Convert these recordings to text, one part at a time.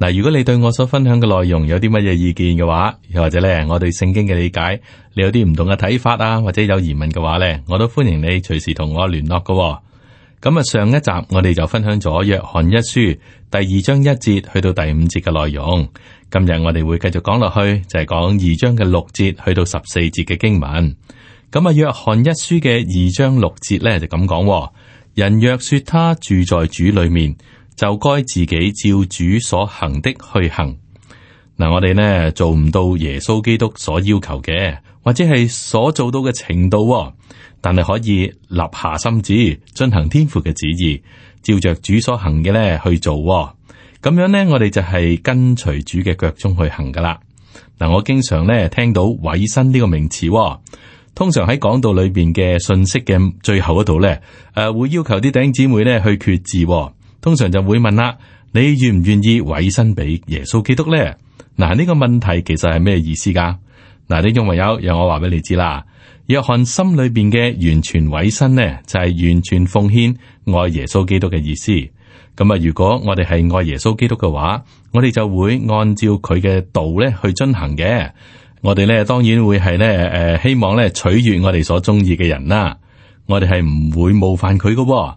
嗱，如果你對我所分享嘅內容有啲乜嘢意見嘅話，又或者咧我對聖經嘅理解，你有啲唔同嘅睇法啊，或者有疑問嘅話咧，我都歡迎你隨時同我聯絡㗎喎。咁啊，上一集我哋就分享咗約翰一書第二章一節去到第五節嘅內容，今日我哋會繼續講落去，就係講二章嘅六節去到十四節嘅經文。咁啊，約翰一書嘅二章六節咧就咁講喎，人若說他住在主裏面。就該自己照主所行的去行。嗱。我哋咧做唔到耶穌基督所要求嘅，或者係所做到嘅程度，哦，但係可以立下心志，進行天父嘅旨意，照着主所行嘅呢去做，哦。咁樣呢，我哋就係跟隨主嘅腳蹤去行噶啦嗱。我經常咧聽到委身呢，這個名詞，哦，通常喺講道裏邊嘅信息嘅最後嗰度呢，誒、呃、會要求啲弟兄姊妹呢去決志，哦。通常就會問啦，你願唔願意委身俾耶穌基督呢？嗱，呢個問題其實係咩意思噶？嗱，弟兄朋友，由我話俾你知啦。約翰心裏邊嘅完全委身呢，就係完全奉獻愛耶穌基督嘅意思。咁啊，如果我哋係愛耶穌基督嘅話，我哋就會按照佢嘅道咧去進行嘅。我哋咧當然會係咧誒，希望咧取悦我哋所中意嘅人啦。我哋係唔會冒犯佢嘅。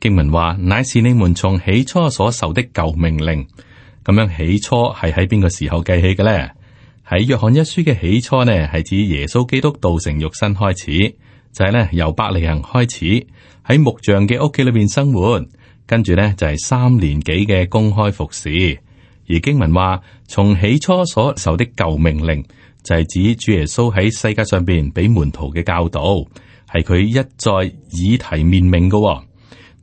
經文話，乃是你們從起初所受的舊命令。咁樣起初係喺邊個時候計起嘅呢？喺約翰一書嘅起初呢，係指耶穌基督道成肉身開始，就係呢，由伯利恆開始喺木匠嘅屋企裏邊生活，跟住呢，就係三年幾嘅公開服侍。而經文話，從起初所受的舊命令就係指主耶穌喺世界上邊俾門徒嘅教導，係佢一再耳提面命嘅。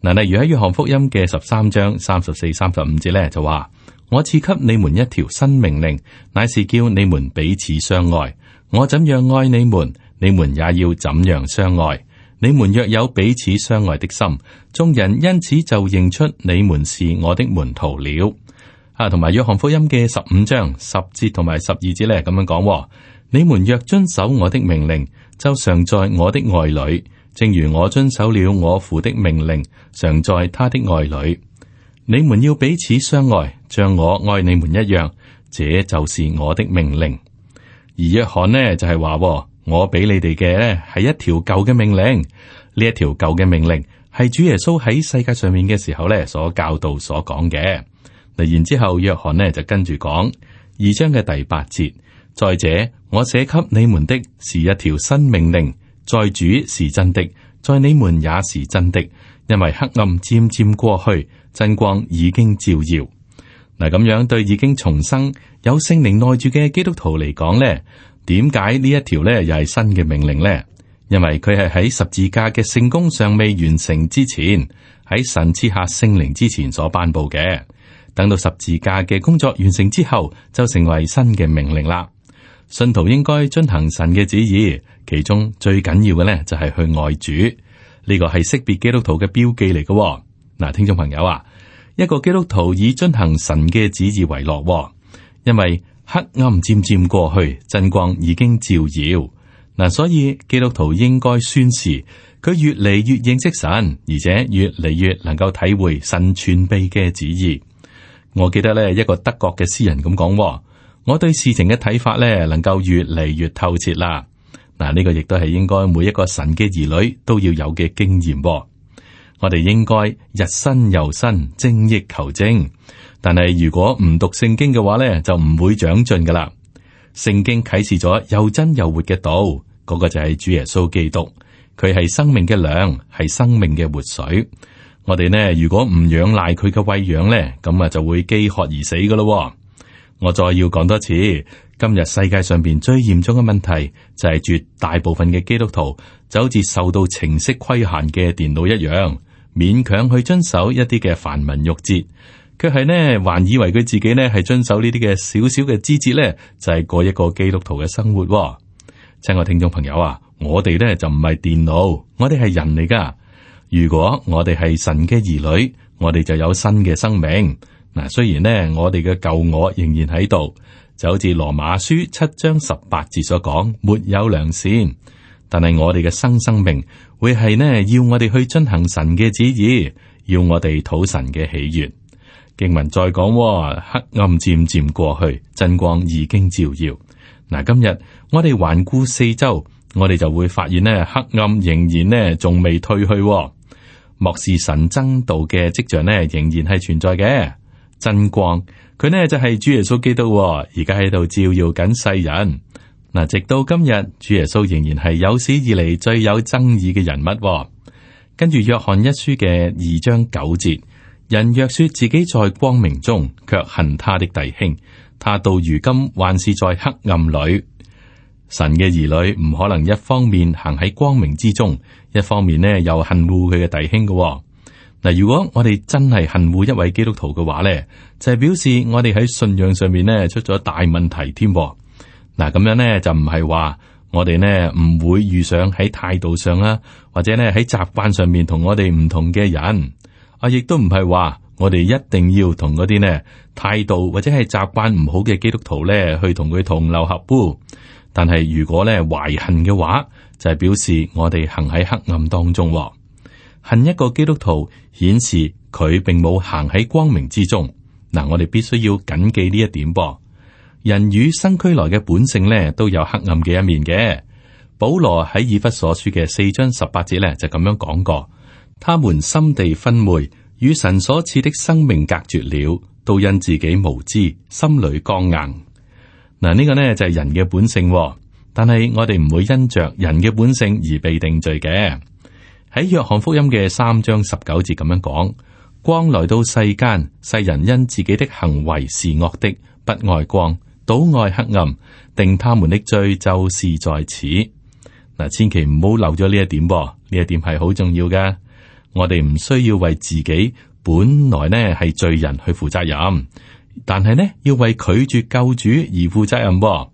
嗱，例如喺約翰福音嘅十三章三十四、三十五節咧，就話：我賜給你們一條新命令，乃是叫你們彼此相愛。我怎樣愛你們，你們也要怎樣相愛。你們若有彼此相愛的心，眾人因此就認出你們是我的門徒了。啊，同埋約翰福音嘅十五章十節同埋十二節咧，咁樣講：你們若遵守我的命令，就常在我的愛裏。正如我遵守了我父的命令，常在他的愛裏，你們要彼此相愛，像我愛你們一樣。這就是我的命令。而約翰呢就係、是、話，我俾你哋嘅呢，係一條舊嘅命令，呢一條舊嘅命令係主耶穌喺世界上面嘅時候呢所教導所講嘅。嗱，然之後約翰呢就跟住講二章嘅第八節，再者，我寫給你們的是一條新命令。在主是真的，在你們也是真的，因為黑暗漸漸過去，真光已經照耀。嗱，咁樣對已經重生、有聖靈內住嘅基督徒嚟講咧，點解呢一條咧又係新嘅命令咧？因為佢係喺十字架嘅聖工尚未完成之前，喺神賜下聖靈之前所頒布嘅。等到十字架嘅工作完成之後，就成為新嘅命令啦。信徒應該遵行神嘅旨意。其中最緊要嘅呢，就係去外主呢個係識別基督徒嘅標記嚟嘅。嗱，聽眾朋友啊，一個基督徒以遵行神嘅旨意為樂，因為黑暗漸漸過去，真光已經照耀嗱，所以基督徒應該宣示佢越嚟越認識神，而且越嚟越能夠體會神全備嘅旨意。我記得呢，一個德國嘅詩人咁講：我對事情嘅睇法呢，能夠越嚟越透徹啦。嗱，呢個亦都係應該每一個神嘅兒女都要有嘅經驗哦。我哋應該日新又新，精益求精。但係如果唔讀聖經嘅話咧，就唔會長進噶啦。聖經啟示咗又真又活嘅道，嗰個就係主耶穌基督。佢係生命嘅糧，係生命嘅活水。我哋呢，如果唔養賴佢嘅喂養咧，咁啊就會飢渴而死噶啦。我再要講多次。今日世界上邊最嚴重嘅問題就係、是，絕大部分嘅基督徒就好似受到程式規限嘅電腦一樣，勉強去遵守一啲嘅繁文縟節，佢係呢，還以為佢自己呢係遵守呢啲嘅小小嘅枝節呢就係、是、過一個基督徒嘅生活。親愛的聽眾朋友啊，我哋呢就唔係電腦，我哋係人嚟㗎。如果我哋係神嘅兒女，我哋就有新嘅生命嗱。雖然呢，我哋嘅舊我仍然喺度。就好似羅馬書七章十八節所講，沒有良善。但係我哋嘅新生命，會係呢要我哋去遵行神嘅旨意，要我哋討神嘅喜悦。經文再講，黑暗漸漸過去，真光已經照耀。嗱，今日我哋環顧四周，我哋就會發現呢，黑暗仍然呢仲未退去。漠視神真道嘅跡象呢仍然係存在嘅真光。佢呢就係、是、主耶穌基督、哦，而家喺度照耀緊世人。嗱，直到今日，主耶穌仍然係有史以嚟最有爭議嘅人物、哦。跟住約翰一書嘅二章九節，人若說自己在光明中，卻恨他的弟兄，他到如今還是在黑暗裏。神嘅兒女唔可能一方面行喺光明之中，一方面呢又恨惡佢嘅弟兄嘅、哦。嗱，如果我哋真係恨惡一位基督徒嘅話咧，就係表示我哋喺信仰上面咧出咗大問題添。嗱，咁樣咧就唔係話我哋呢唔會遇上喺態度上啦，或者咧喺習慣上面同我哋唔同嘅人。啊，亦都唔係話我哋一定要同嗰啲呢態度或者係習慣唔好嘅基督徒咧去同佢同流合污。但係如果咧懷恨嘅話，就係表示我哋行喺黑暗當中。恨一個基督徒，顯示佢並冇行喺光明之中。嗱，我哋必須要謹記呢一點噃。人與生俱來嘅本性咧，都有黑暗嘅一面嘅。保羅喺《以弗所書》嘅四章十八節咧，就咁樣講過：他們心地昏昧，與神所賜的生命隔絕了，都因自己無知，心裏剛硬。嗱，呢個呢，就係人嘅本性喎。但係我哋唔會因着人嘅本性而被定罪嘅。喺約翰福音嘅三章十九節咁樣講，光來到世間，世人因自己的行為是惡的，不愛光，倒愛黑暗，定他們的罪就是在此。嗱，千祈唔好漏咗呢一點，呢一點係好重要嘅。我哋唔需要為自己本來呢係罪人去負責任，但係呢，要為拒絕救主而負責任。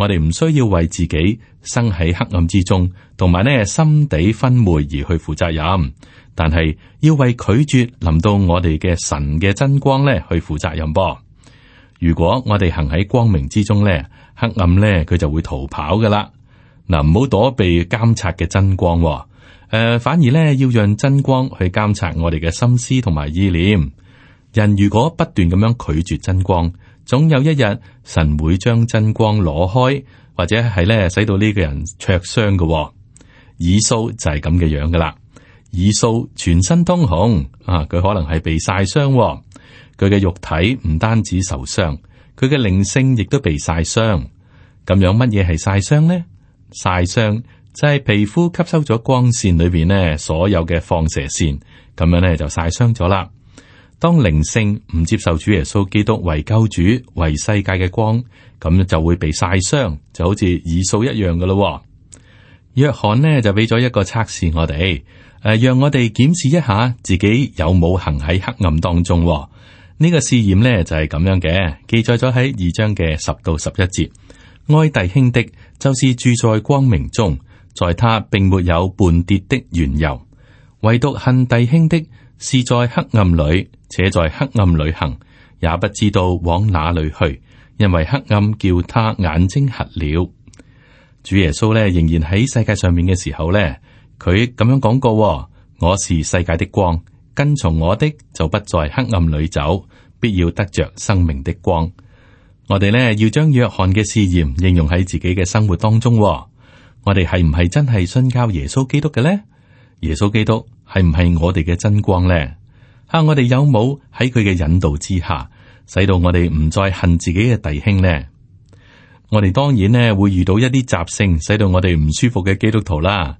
我哋唔需要為自己生喺黑暗之中，同埋呢，心底昏昧而去負責任，但係要為拒絕臨到我哋嘅神嘅真光呢去負責任。噃，如果我哋行喺光明之中呢，黑暗呢，佢就會逃跑噶啦。嗱，唔好躲避監察嘅真光，誒、呃，反而呢，要讓真光去監察我哋嘅心思同埋意念。人如果不斷咁樣拒絕真光。總有一日，神會將真光攞開，或者係咧使到呢個人灼傷嘅、哦。以掃就係咁嘅樣噶啦，以掃全身通紅啊，佢可能係被晒傷、哦。佢嘅肉體唔單止受傷，佢嘅靈性亦都被晒傷。咁樣乜嘢係晒傷咧？晒傷就係皮膚吸收咗光線裏邊咧所有嘅放射線，咁樣咧就晒傷咗啦。當靈性唔接受主耶穌基督為救主、為世界嘅光，咁就會被曬傷，就好似以掃一樣噶咯。約翰呢就俾咗一個測試我哋，誒，讓我哋檢視一下自己有冇行喺黑暗當中。呢、這個試驗呢就係咁樣嘅，記載咗喺二章嘅十到十一節。愛弟兄的，就是住在光明中，在他並沒有絆跌的緣由，唯獨恨弟兄的。是在黑暗裏，且在黑暗裏行，也不知道往哪裏去，因為黑暗叫他眼睛瞎了。主耶穌呢仍然喺世界上面嘅時候呢，佢咁樣講過：我是世界的光，跟從我的就不在黑暗裏走，必要得着生命的光。我哋呢要將約翰嘅試驗應用喺自己嘅生活當中。我哋係唔係真係信教耶穌基督嘅呢？耶穌基督。係唔係我哋嘅真光呢？吓、啊，我哋有冇喺佢嘅引導之下，使到我哋唔再恨自己嘅弟兄呢？我哋當然呢會遇到一啲習性，使到我哋唔舒服嘅基督徒啦。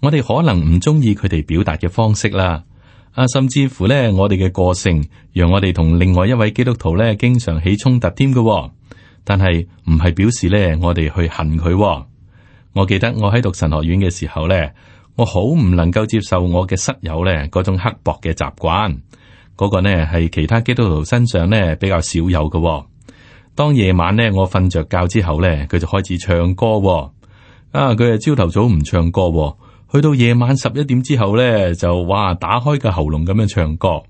我哋可能唔中意佢哋表達嘅方式啦。啊，甚至乎呢，我哋嘅個性讓我哋同另外一位基督徒呢經常起衝突添嘅。但係唔係表示呢，我哋去恨佢。我記得我喺讀神學院嘅時候呢。我好唔能夠接受我嘅室友咧嗰種刻薄嘅習慣，嗰、那個呢係其他基督徒身上呢比較少有嘅、喎。當夜晚咧我瞓着覺之後咧，佢就開始唱歌、喎。啊，佢係朝頭早唔唱歌、喎，去到夜晚十一點之後咧就哇打開個喉嚨咁樣唱歌。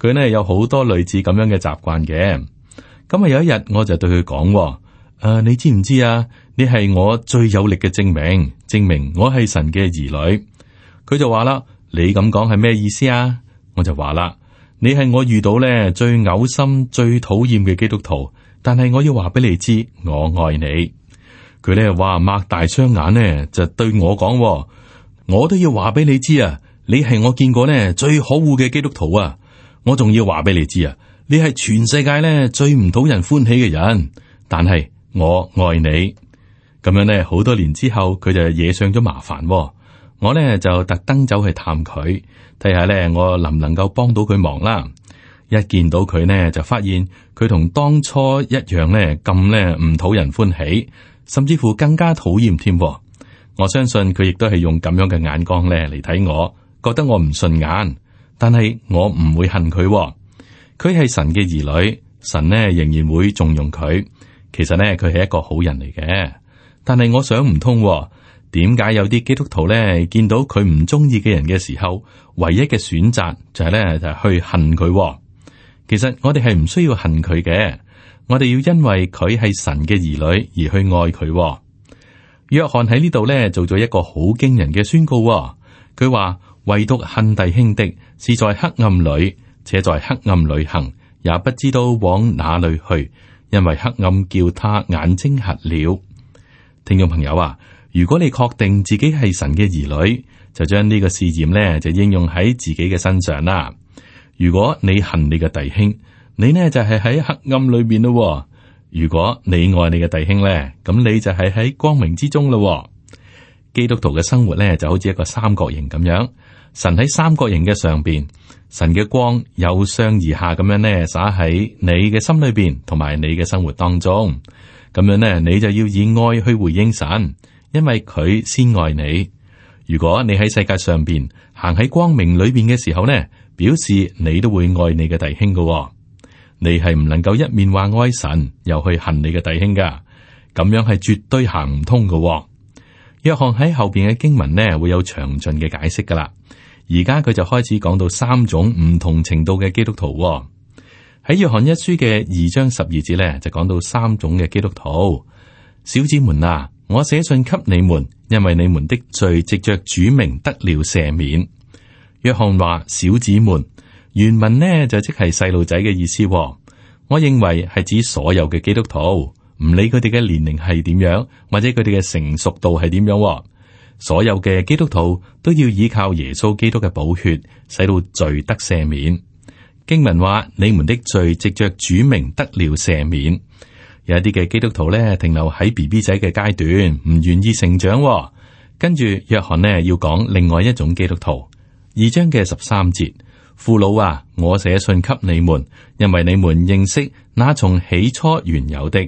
佢呢有好多類似咁樣嘅習慣嘅。咁啊有一日我就對佢講、喎，誒、啊，你知唔知啊？你係我最有力嘅證明，證明我係神嘅兒女。佢就話啦，你咁講係咩意思啊？我就話啦，你係我遇到咧最嘔心、最討厭嘅基督徒。但係我要話俾你知，我愛你。佢咧話擘大雙眼咧，就對我講，我都要話俾你知啊，你係我見過呢最可惡嘅基督徒啊。我仲要話俾你知啊，你係全世界咧最唔討人歡喜嘅人。但係我愛你。咁樣咧，好多年之後佢就惹上咗麻煩。我咧就特登走去探佢，睇下咧我能唔能夠幫到佢忙啦。一見到佢咧，就發現佢同當初一樣咧咁咧唔討人歡喜，甚至乎更加討厭添。我相信佢亦都係用咁樣嘅眼光咧嚟睇我，覺得我唔順眼。但係我唔會恨佢，佢係神嘅兒女，神咧仍然會縱容佢。其實咧，佢係一個好人嚟嘅。但係我想唔通，點解有啲基督徒咧見到佢唔中意嘅人嘅時候，唯一嘅選擇就係咧，就係去恨佢。其實我哋係唔需要恨佢嘅，我哋要因為佢係神嘅兒女而去愛佢。約翰喺呢度咧做咗一個好驚人嘅宣告，佢話，唯獨恨弟兄的，是在黑暗裏且在黑暗裏行，也不知道往哪裏去，因為黑暗叫他眼睛瞎了。聽眾朋友啊，如果你確定自己係神嘅兒女，就將呢個試驗呢就應用喺自己嘅身上啦。如果你恨你嘅弟兄，你呢就係喺黑暗裏邊咯。如果你愛你嘅弟兄呢，咁你就係喺光明之中咯。基督徒嘅生活呢就好似一個三角形咁樣，神喺三角形嘅上邊，神嘅光由上而下咁樣呢灑喺你嘅心裏邊同埋你嘅生活當中。咁樣呢，你就要以愛去回應神，因為佢先愛你。如果你喺世界上邊行喺光明裏邊嘅時候呢，表示你都會愛你嘅弟兄嘅、哦，你係唔能夠一面話愛神，又去恨你嘅弟兄噶。咁樣係絕對行唔通嘅、哦。約翰喺後邊嘅經文呢，會有詳盡嘅解釋噶啦。而家佢就開始講到三種唔同程度嘅基督徒、哦。喺約翰一書嘅二章十二節咧，就講到三種嘅基督徒，小子們啊，我寫信給你們，因為你們的罪藉着主名得了赦免。約翰話：小子們，原文呢，就即係細路仔嘅意思、哦。我認為係指所有嘅基督徒，唔理佢哋嘅年齡係點樣，或者佢哋嘅成熟度係點樣、哦，所有嘅基督徒都要依靠耶穌基督嘅寶血，使到罪得赦免。經文話：你們的罪藉着主名得了赦免。有一啲嘅基督徒呢，停留喺 BB 仔嘅階段，唔願意成長喎。跟住，約翰呢，要講另外一種基督徒，二章嘅十三節。父老啊，我寫信給你們，因為你們認識那從起初原有的。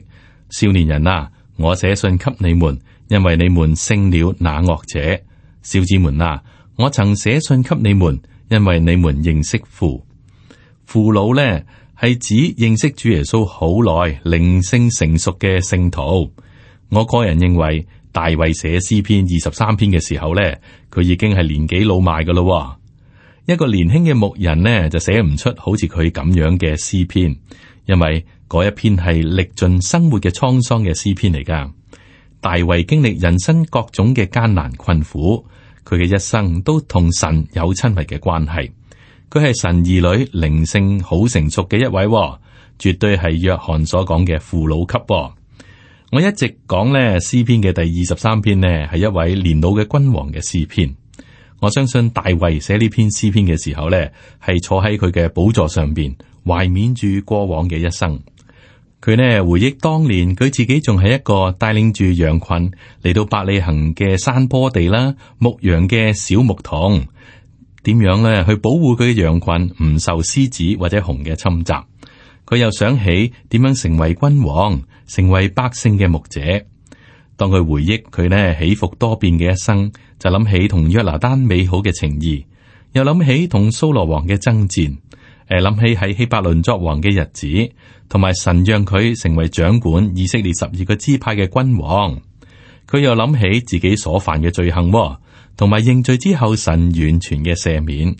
少年人啊，我寫信給你們，因為你們勝了那惡者。小子們啊，我曾寫信給你們，因為你們認識父。父老呢，係指認識主耶穌好耐、靈性成熟嘅聖徒。我個人認為，大衛寫詩篇二十三篇嘅時候呢，佢已經係年紀老邁噶咯。一個年輕嘅牧人呢，就寫唔出好似佢咁樣嘅詩篇，因為嗰一篇係歷盡生活嘅滄桑嘅詩篇嚟噶。大衛經歷人生各種嘅艱難困苦，佢嘅一生都同神有親密嘅關係。佢係神兒女，靈性好成熟嘅一位、哦，絕對係約翰所講嘅父老級、哦。我一直講呢，詩篇嘅第二十三篇呢，係一位年老嘅君王嘅詩篇。我相信大衛寫呢篇詩篇嘅時候呢，係坐喺佢嘅寶座上邊，懷緬住過往嘅一生。佢呢，回憶當年，佢自己仲係一個帶領住羊群嚟到伯利恆嘅山坡地啦，牧羊嘅小牧童。點樣呢？去保護佢嘅羊群唔受獅子或者熊嘅侵襲？佢又想起點樣成為君王，成為百姓嘅牧者。當佢回憶佢呢起伏多變嘅一生，就諗起同約拿單美好嘅情誼，又諗起同掃羅王嘅爭戰。誒、呃，諗起喺希伯崙作王嘅日子，同埋神讓佢成為掌管以色列十二個支派嘅君王。佢又諗起自己所犯嘅罪行。同埋認罪之後，神完全嘅赦免。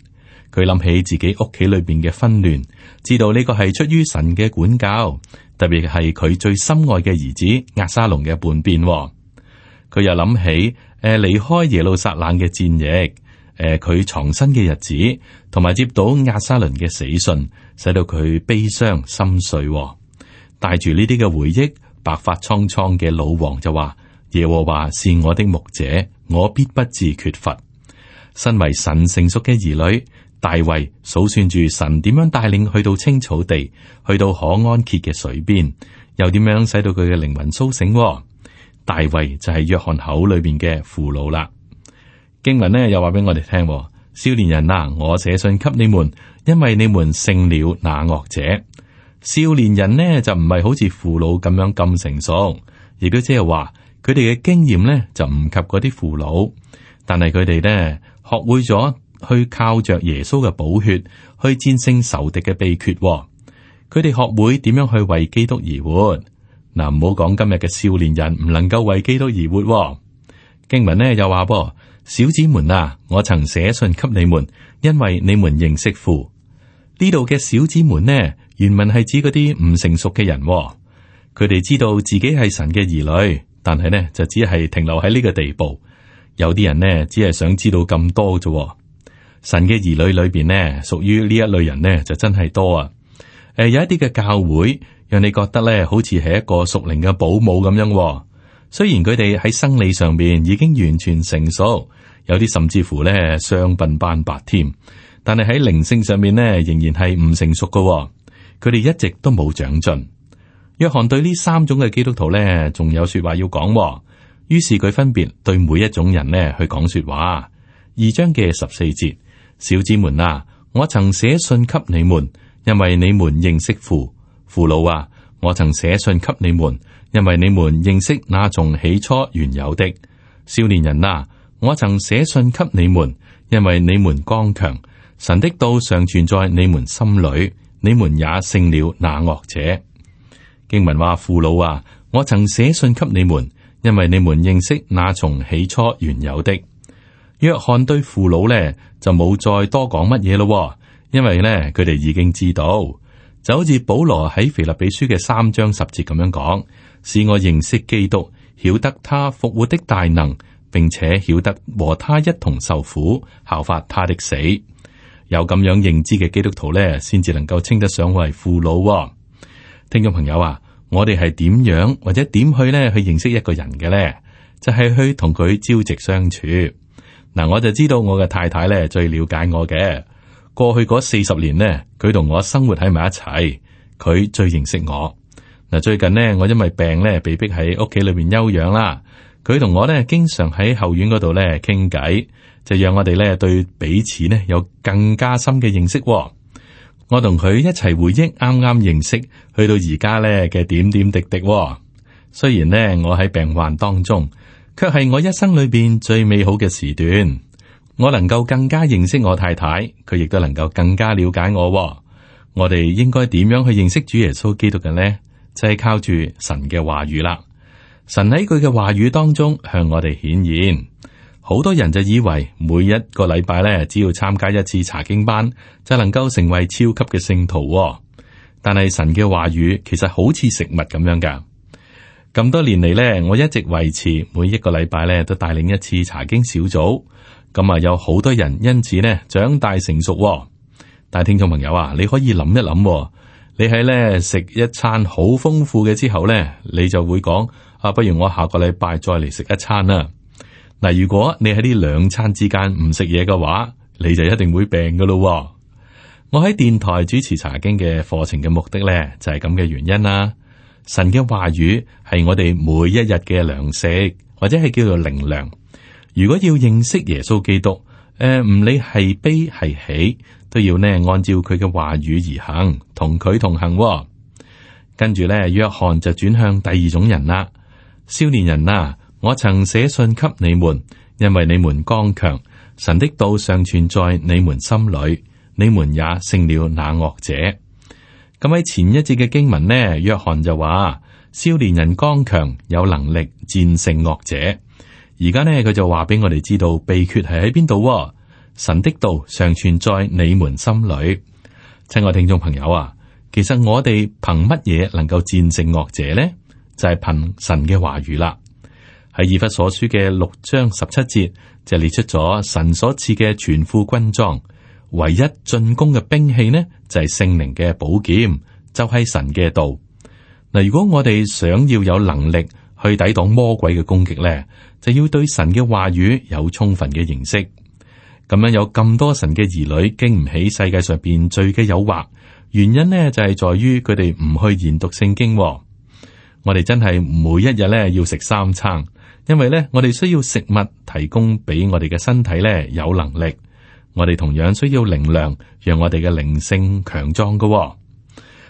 佢諗起自己屋企裏邊嘅紛亂，知道呢個係出於神嘅管教，特別係佢最深愛嘅兒子亞沙隆嘅叛變。佢又諗起，誒、呃、離開耶路撒冷嘅戰役，誒、呃、佢藏身嘅日子，同埋接到亞沙隆嘅死訊，使到佢悲傷心碎。帶住呢啲嘅回憶，白髮蒼蒼嘅老王就話：耶和華是我的牧者。我必不至缺乏。身為神成熟嘅兒女，大衛數算住神點樣帶領去到青草地，去到可安歇嘅水邊，又點樣使到佢嘅靈魂蘇醒？大衛就係約翰口裏邊嘅父老啦。經文呢又話俾我哋聽：少年人啊，我寫信給你們，因為你們勝了那惡者。少年人呢就唔係好似父老咁樣咁成熟，亦都即係話。佢哋嘅經驗咧就唔及嗰啲父老，但係佢哋咧學會咗去靠着耶穌嘅寶血去戰勝仇敵嘅秘訣。佢哋學會點樣去為基督而活嗱。唔好講今日嘅少年人唔能夠為基督而活。經文呢又話喎，小子們啊，我曾寫信給你們，因為你們認識父。呢度嘅小子們呢，原文係指嗰啲唔成熟嘅人。佢哋知道自己係神嘅兒女。但係呢，就只係停留喺呢個地步。有啲人呢，只係想知道咁多啫。神嘅兒女裏面呢，屬於呢一類人呢，就真係多啊。誒、呃，有一啲嘅教會，讓你覺得呢，好似係一個屬靈嘅保姆咁樣、哦。雖然佢哋喺生理上面已經完全成熟，有啲甚至乎呢，雙鬢斑白添。但係喺靈性上面呢，仍然係唔成熟㗎、哦。佢哋一直都冇長進。約翰對呢三種嘅基督徒呢，仲有說話要講，於是佢分別對每一種人呢去講說話。二章嘅十四節，小子們啊，我曾寫信給你們，因為你們認識父。父老啊。我曾寫信給你們，因為你們認識那從起初原有的。少年人啊。我曾寫信給你們，因為你們剛強，神的道尚存在你們心裏，你們也勝了那惡者。經文話父老啊，我曾寫信給你們，因為你們認識那從起初原有的。約翰對父老呢，就冇再多講乜嘢咯，因為呢，佢哋已經知道，就好似保羅喺腓立比書嘅三章十節咁樣講，使我認識基督，曉得他復活的大能，並且曉得和他一同受苦，效法他的死。有咁樣認知嘅基督徒呢，先至能夠稱得上為父老，哦。聽眾朋友啊，我哋係點樣或者點去咧去認識一個人嘅咧？就係、是、去同佢朝夕相處。嗱，我就知道我嘅太太咧最了解我嘅。過去嗰四十年咧，佢同我生活喺埋一齊，佢最認識我。嗱，最近咧，我因為病咧被逼喺屋企裏邊休養啦，佢同我咧經常喺後院嗰度咧傾偈，就讓我哋咧對彼此咧有更加深嘅認識。我同佢一齊回憶啱啱認識去到而家咧嘅點點滴滴。雖然咧我喺病患當中，卻係我一生裏邊最美好嘅時段。我能夠更加認識我太太，佢亦都能夠更加了解我。我哋應該點樣去認識主耶穌基督嘅呢？就係靠住神嘅話語啦。神喺佢嘅話語當中向我哋顯現。好多人就以為每一個禮拜咧，只要參加一次查經班就能夠成為超級嘅聖徒。但係神嘅話語其實好似食物咁樣噶。咁多年嚟咧，我一直維持每一個禮拜咧都帶領一次查經小組。咁啊，有好多人因此呢，長大成熟。但係聽眾朋友啊，你可以諗一諗，你喺咧食一餐好豐富嘅之後咧，你就會講：啊，不如我下個禮拜再嚟食一餐啦。嗱，如果你喺呢兩餐之間唔食嘢嘅話，你就一定會病噶咯、哦。我喺電台主持查經嘅課程嘅目的咧，就係咁嘅原因啦、啊。神嘅話語係我哋每一日嘅糧食，或者係叫做靈糧。如果要認識耶穌基督，誒、呃，唔理係悲係喜，都要呢按照佢嘅話語而行，同佢同行、哦。跟住咧，約翰就轉向第二種人啦，少年人啦、啊。我曾寫信給你們，因為你們剛強，神的道尚存在你們心裏，你們也勝了那惡者。咁喺前一節嘅經文呢，約翰就話少年人剛強，有能力戰勝惡者。而家呢，佢就話俾我哋知道秘訣係喺邊度，神的道尚存在你們心裏。親愛聽眾朋友啊，其實我哋憑乜嘢能夠戰勝惡者呢？就係憑神嘅話語啦。喺《以弗所書》嘅六章十七節，就是、列出咗神所賜嘅全副軍裝，唯一進攻嘅兵器呢，就係聖靈嘅寶劍，就係、是、神嘅道。嗱，如果我哋想要有能力去抵擋魔鬼嘅攻擊呢，就要對神嘅話語有充分嘅認識。咁樣有咁多神嘅兒女經唔起世界上邊罪嘅誘惑，原因呢就係、是、在於佢哋唔去研讀聖經、哦。我哋真係每一日呢要食三餐。因為咧，我哋需要食物提供俾我哋嘅身體咧，有能力。我哋同樣需要靈糧，讓我哋嘅靈性強壯嘅。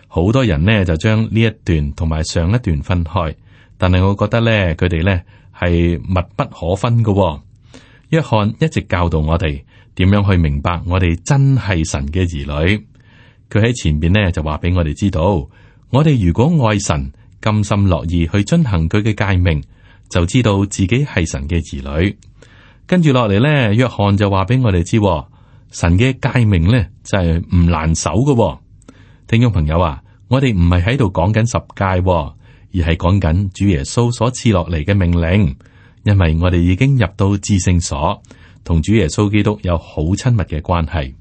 好多人咧就將呢一段同埋上一段分開，但係我覺得咧，佢哋咧係密不可分嘅。約翰一直教導我哋點樣去明白，我哋真係神嘅兒女。佢喺前邊咧就話俾我哋知道，我哋如果愛神，甘心樂意去遵行佢嘅誡命。就知道自己係神嘅兒女，跟住落嚟呢，約翰就話俾我哋知，神嘅誡命呢就係唔難守嘅。聽眾朋友啊，我哋唔係喺度講緊十誡，而係講緊主耶穌所賜落嚟嘅命令，因為我哋已經入到至聖所，同主耶穌基督有好親密嘅關係。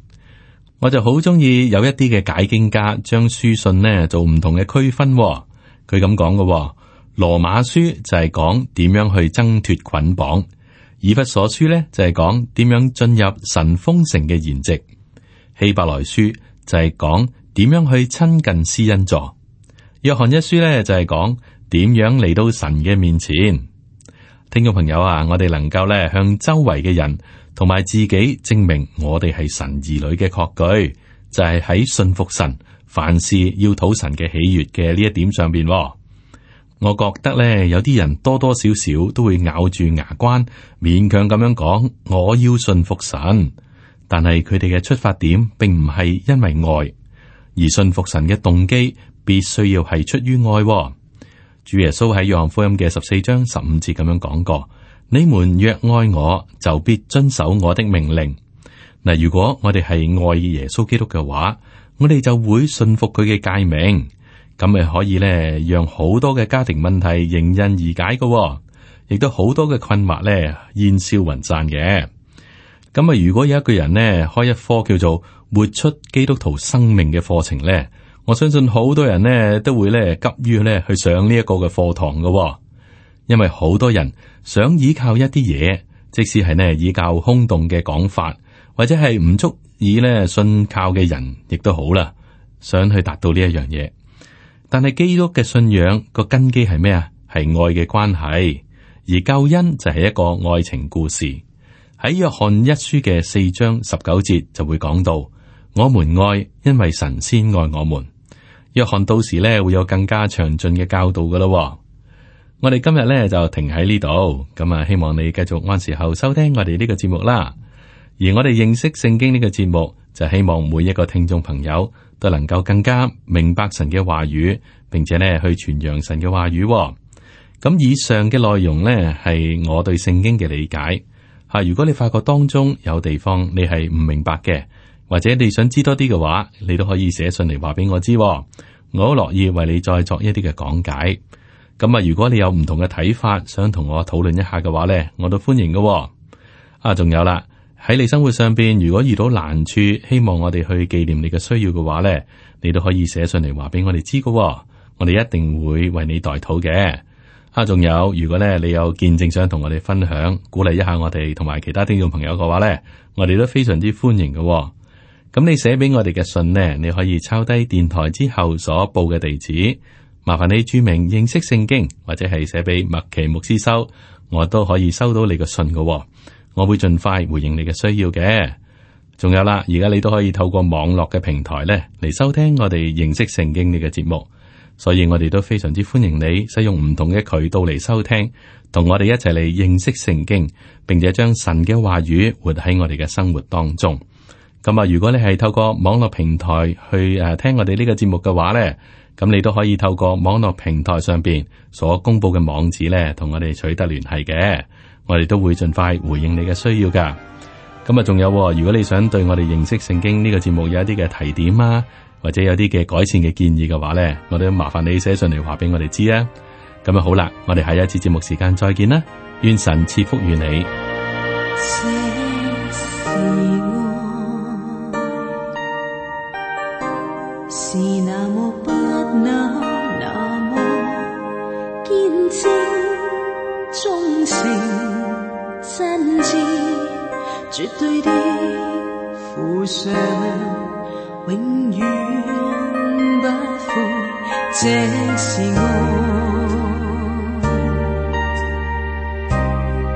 我就好中意有一啲嘅解經家將書信呢做唔同嘅區分，佢咁講嘅。羅馬書就係講點樣去掙脫捆綁，以弗所書呢就係講點樣進入神豐盛嘅筵席，希伯來書就係講點樣去親近施恩座，約翰一書呢就係講點樣嚟到神嘅面前。聽眾朋友啊，我哋能夠咧向周圍嘅人同埋自己證明我哋係神兒女嘅，確據就係、是、喺信服神，凡事要討神嘅喜悦嘅呢一點上邊。我覺得咧，有啲人多多少少都會咬住牙關，勉強咁樣講，我要信服神。但係佢哋嘅出發點並唔係因為愛，而信服神嘅動機必須要係出於愛，哦。主耶穌喺約翰福音嘅十四章十五節咁樣講過：你們若愛我，就必遵守我的命令。嗱，如果我哋係愛耶穌基督嘅話，我哋就會信服佢嘅誡命。咁咪可以咧，讓好多嘅家庭問題迎刃而解嘅、哦，亦都好多嘅困惑咧煙消雲散嘅。咁啊，如果有一個人咧開一科叫做活出基督徒生命嘅課程咧，我相信好多人咧都會咧急於咧去上呢一個嘅課堂嘅、哦，因為好多人想依靠一啲嘢，即使係呢倚靠空洞嘅講法，或者係唔足以咧信靠嘅人，亦都好啦，想去達到呢一樣嘢。但係基督嘅信仰個根基係咩啊？係愛嘅關係，而救恩就係一個愛情故事。喺約翰一書嘅四章十九節就會講到，我們愛，因為神先愛我們。約翰到時咧會有更加詳盡嘅教導噶啦。我哋今日咧就停喺呢度，咁啊希望你繼續按時候收聽我哋呢個節目啦。而我哋認識聖經呢個節目。就希望每一個聽眾朋友都能夠更加明白神嘅話語，並且咧去傳揚神嘅話語。咁以上嘅內容呢，係我對聖經嘅理解吓。如果你發覺當中有地方你係唔明白嘅，或者你想知多啲嘅話，你都可以寫信嚟話俾我知，我好樂意為你再作一啲嘅講解。咁啊，如果你有唔同嘅睇法，想同我討論一下嘅話呢，我都歡迎嘅。啊，仲有啦～喺你生活上邊，如果遇到難處，希望我哋去紀念你嘅需要嘅話呢，你都可以寫信嚟話俾我哋知嘅。我哋一定會為你代禱嘅。啊，仲有，如果咧你有見證想同我哋分享，鼓勵一下我哋同埋其他聽眾朋友嘅話呢，我哋都非常之歡迎嘅。咁你寫俾我哋嘅信呢，你可以抄低電台之後所報嘅地址，麻煩你注明認識聖經，或者係寫俾麥奇牧師收，我都可以收到你嘅信嘅。我會盡快回應你嘅需要嘅，仲有啦，而家你都可以透過網絡嘅平台呢嚟收聽我哋認識聖經你嘅節目，所以我哋都非常之歡迎你使用唔同嘅渠道嚟收聽，同我哋一齊嚟認識聖經，並且將神嘅話語活喺我哋嘅生活當中。咁啊，如果你係透過網絡平台去誒聽我哋呢個節目嘅話呢，咁你都可以透過網絡平台上邊所公佈嘅網址呢，同我哋取得聯繫嘅。我哋都會盡快回應你嘅需要噶。咁啊，仲有，如果你想對我哋認識聖經呢個節目有一啲嘅提點啊，或者有啲嘅改善嘅建議嘅話咧，我都麻煩你寫信嚟話俾我哋知啊。咁啊，好啦，我哋下一次節目時間再見啦。願神賜福與你。 這是愛，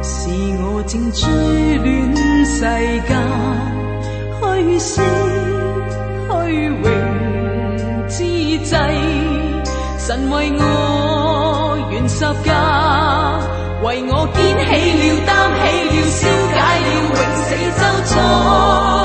是我正追戀世間虛勢虛榮之際，神為我願十架，為我建起了擔起了，消解了永死咒詛。